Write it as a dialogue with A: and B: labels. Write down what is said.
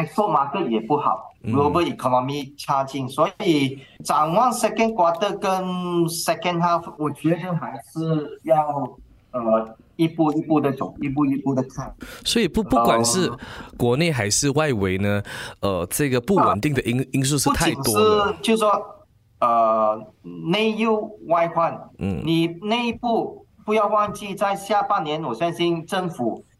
A: export market 也不好，global economy 差勁，嗯，所以展望 second quarter 跟 second half，我覺得還是要，呃，一步一步的走，一步一步的看。
B: 所以不不管是國內還是外圍呢，呃，呃，這個不穩定的因，啊、因素是太多是。
A: 就是說，呃，內憂外患。嗯。你內部不要忘記，在下半年，我相信政府。